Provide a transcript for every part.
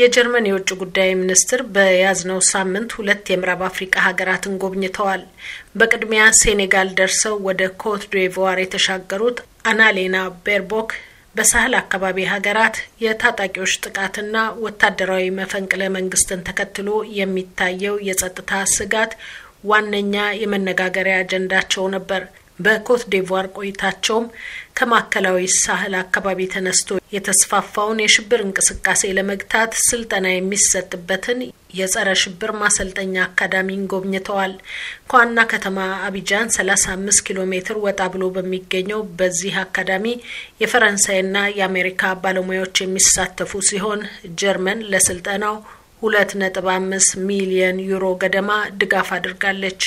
የጀርመን የውጭ ጉዳይ ሚኒስትር በያዝነው ሳምንት ሁለት የምዕራብ አፍሪቃ ሀገራትን ጎብኝተዋል። በቅድሚያ ሴኔጋል ደርሰው ወደ ኮት ዲቮር የተሻገሩት አናሌና ቤርቦክ በሳህል አካባቢ ሀገራት የታጣቂዎች ጥቃትና ወታደራዊ መፈንቅለ መንግስትን ተከትሎ የሚታየው የጸጥታ ስጋት ዋነኛ የመነጋገሪያ አጀንዳቸው ነበር። በኮት ዴቮር ቆይታቸውም ከማዕከላዊ ሳህል አካባቢ ተነስቶ የተስፋፋውን የሽብር እንቅስቃሴ ለመግታት ስልጠና የሚሰጥበትን የጸረ ሽብር ማሰልጠኛ አካዳሚን ጎብኝተዋል። ከዋና ከተማ አቢጃን 35 ኪሎ ሜትር ወጣ ብሎ በሚገኘው በዚህ አካዳሚ የፈረንሳይና የአሜሪካ ባለሙያዎች የሚሳተፉ ሲሆን ጀርመን ለስልጠናው ሁለት ነጥብ አምስት ሚሊየን ዩሮ ገደማ ድጋፍ አድርጋለች።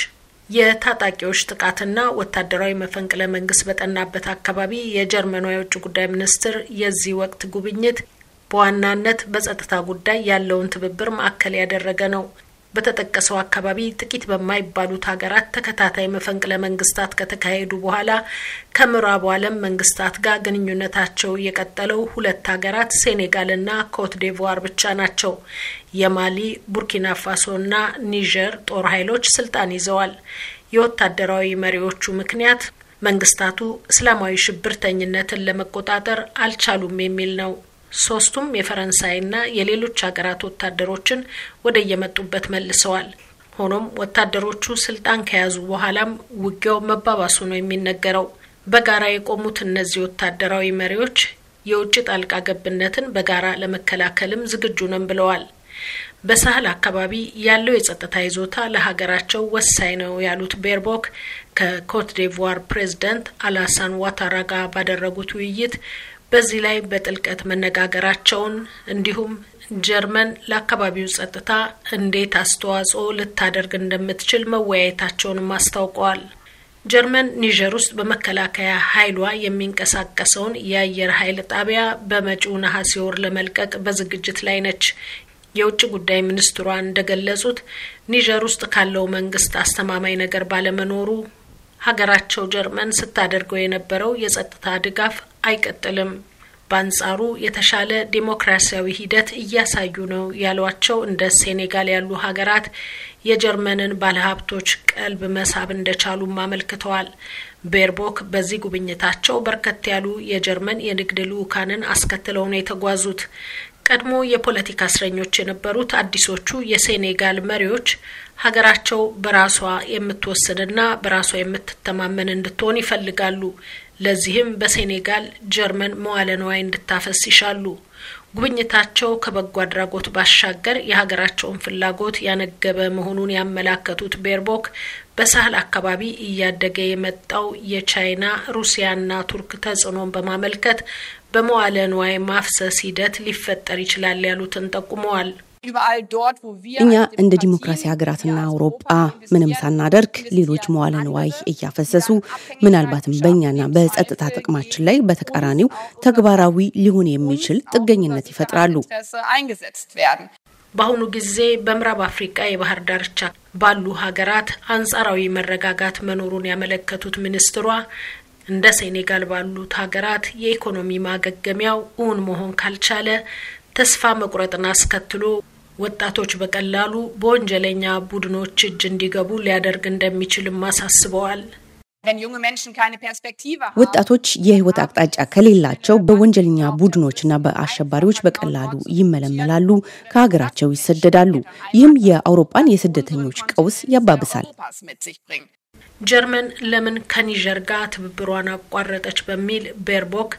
የታጣቂዎች ጥቃትና ወታደራዊ መፈንቅለ መንግስት በጠናበት አካባቢ የጀርመኗ የውጭ ጉዳይ ሚኒስትር የዚህ ወቅት ጉብኝት በዋናነት በጸጥታ ጉዳይ ያለውን ትብብር ማዕከል ያደረገ ነው። በተጠቀሰው አካባቢ ጥቂት በማይባሉት ሀገራት ተከታታይ መፈንቅለ መንግስታት ከተካሄዱ በኋላ ከምዕራቡ ዓለም መንግስታት ጋር ግንኙነታቸው የቀጠለው ሁለት ሀገራት ሴኔጋልና ኮት ዴቮር ብቻ ናቸው። የማሊ፣ ቡርኪና ፋሶና ኒጀር ጦር ኃይሎች ስልጣን ይዘዋል። የወታደራዊ መሪዎቹ ምክንያት መንግስታቱ እስላማዊ ሽብርተኝነትን ለመቆጣጠር አልቻሉም የሚል ነው። ሶስቱም የፈረንሳይና የሌሎች ሀገራት ወታደሮችን ወደ የመጡበት መልሰዋል። ሆኖም ወታደሮቹ ስልጣን ከያዙ በኋላም ውጊያው መባባሱ ነው የሚነገረው። በጋራ የቆሙት እነዚህ ወታደራዊ መሪዎች የውጭ ጣልቃ ገብነትን በጋራ ለመከላከልም ዝግጁ ነን ብለዋል። በሳህል አካባቢ ያለው የጸጥታ ይዞታ ለሀገራቸው ወሳኝ ነው ያሉት ቤርቦክ ከኮትዲቮር ፕሬዝዳንት አላሳን ዋታራ ጋር ባደረጉት ውይይት በዚህ ላይ በጥልቀት መነጋገራቸውን እንዲሁም ጀርመን ለአካባቢው ጸጥታ እንዴት አስተዋጽኦ ልታደርግ እንደምትችል መወያየታቸውንም አስታውቀዋል። ጀርመን ኒጀር ውስጥ በመከላከያ ኃይሏ የሚንቀሳቀሰውን የአየር ኃይል ጣቢያ በመጪው ነሐሴ ወር ለመልቀቅ በዝግጅት ላይ ነች። የውጭ ጉዳይ ሚኒስትሯ እንደገለጹት ኒጀር ውስጥ ካለው መንግስት አስተማማኝ ነገር ባለመኖሩ ሀገራቸው ጀርመን ስታደርገው የነበረው የጸጥታ ድጋፍ አይቀጥልም። በአንጻሩ የተሻለ ዴሞክራሲያዊ ሂደት እያሳዩ ነው ያሏቸው እንደ ሴኔጋል ያሉ ሀገራት የጀርመንን ባለሀብቶች ቀልብ መሳብ እንደቻሉም አመልክተዋል። ቤርቦክ በዚህ ጉብኝታቸው በርከት ያሉ የጀርመን የንግድ ልዑካንን አስከትለው ነው የተጓዙት። ቀድሞ የፖለቲካ እስረኞች የነበሩት አዲሶቹ የሴኔጋል መሪዎች ሀገራቸው በራሷ የምትወስንና በራሷ የምትተማመን እንድትሆን ይፈልጋሉ። ለዚህም በሴኔጋል ጀርመን መዋለ ንዋይ እንድታፈስ ይሻሉ። ጉብኝታቸው ከበጎ አድራጎት ባሻገር የሀገራቸውን ፍላጎት ያነገበ መሆኑን ያመላከቱት ቤርቦክ በሳህል አካባቢ እያደገ የመጣው የቻይና ሩሲያና ቱርክ ተጽዕኖን በማመልከት በመዋለ ንዋይ ማፍሰስ ሂደት ሊፈጠር ይችላል ያሉትን ጠቁመዋል። እኛ እንደ ዲሞክራሲ ሀገራትና አውሮጳ ምንም ሳናደርግ ሌሎች መዋለ ንዋይ እያፈሰሱ ምናልባትም በእኛና በጸጥታ ጥቅማችን ላይ በተቃራኒው ተግባራዊ ሊሆን የሚችል ጥገኝነት ይፈጥራሉ። በአሁኑ ጊዜ በምዕራብ አፍሪቃ የባህር ዳርቻ ባሉ ሀገራት አንጻራዊ መረጋጋት መኖሩን ያመለከቱት ሚኒስትሯ እንደ ሴኔጋል ባሉት ሀገራት የኢኮኖሚ ማገገሚያው እውን መሆን ካልቻለ ተስፋ መቁረጥን አስከትሎ ወጣቶች በቀላሉ በወንጀለኛ ቡድኖች እጅ እንዲገቡ ሊያደርግ እንደሚችልም አሳስበዋል። ወጣቶች የህይወት አቅጣጫ ከሌላቸው በወንጀለኛ ቡድኖችና በአሸባሪዎች በቀላሉ ይመለመላሉ፣ ከሀገራቸው ይሰደዳሉ። ይህም የአውሮፓን የስደተኞች ቀውስ ያባብሳል። ጀርመን ለምን ከኒጀር ጋር ትብብሯን አቋረጠች በሚል ቤርቦክ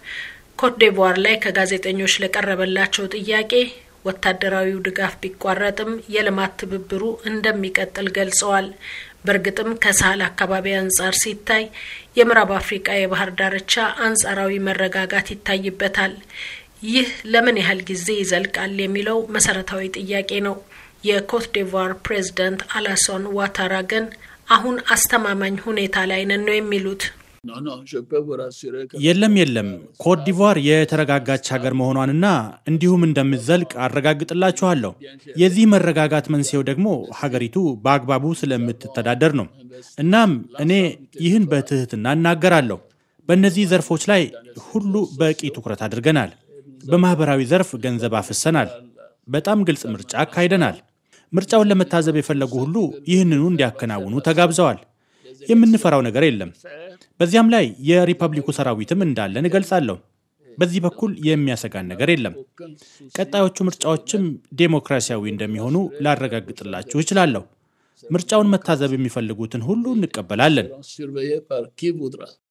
ኮትዲቯር ላይ ከጋዜጠኞች ለቀረበላቸው ጥያቄ ወታደራዊው ድጋፍ ቢቋረጥም የልማት ትብብሩ እንደሚቀጥል ገልጸዋል። በእርግጥም ከሳህል አካባቢ አንጻር ሲታይ የምዕራብ አፍሪቃ የባህር ዳርቻ አንጻራዊ መረጋጋት ይታይበታል። ይህ ለምን ያህል ጊዜ ይዘልቃል የሚለው መሰረታዊ ጥያቄ ነው። የኮትዲቯር ፕሬዝዳንት አላሶን ዋታራ ግን አሁን አስተማማኝ ሁኔታ ላይ ነን ነው የሚሉት። የለም የለም፣ ኮትዲቯር የተረጋጋች ሀገር መሆኗንና እንዲሁም እንደምትዘልቅ አረጋግጥላችኋለሁ። የዚህ መረጋጋት መንስኤው ደግሞ ሀገሪቱ በአግባቡ ስለምትተዳደር ነው። እናም እኔ ይህን በትህትና እናገራለሁ። በእነዚህ ዘርፎች ላይ ሁሉ በቂ ትኩረት አድርገናል። በማህበራዊ ዘርፍ ገንዘብ አፍሰናል። በጣም ግልጽ ምርጫ አካሂደናል። ምርጫውን ለመታዘብ የፈለጉ ሁሉ ይህንኑ እንዲያከናውኑ ተጋብዘዋል። የምንፈራው ነገር የለም። በዚያም ላይ የሪፐብሊኩ ሰራዊትም እንዳለን እገልጻለሁ። በዚህ በኩል የሚያሰጋን ነገር የለም። ቀጣዮቹ ምርጫዎችም ዴሞክራሲያዊ እንደሚሆኑ ላረጋግጥላችሁ እችላለሁ። ምርጫውን መታዘብ የሚፈልጉትን ሁሉ እንቀበላለን።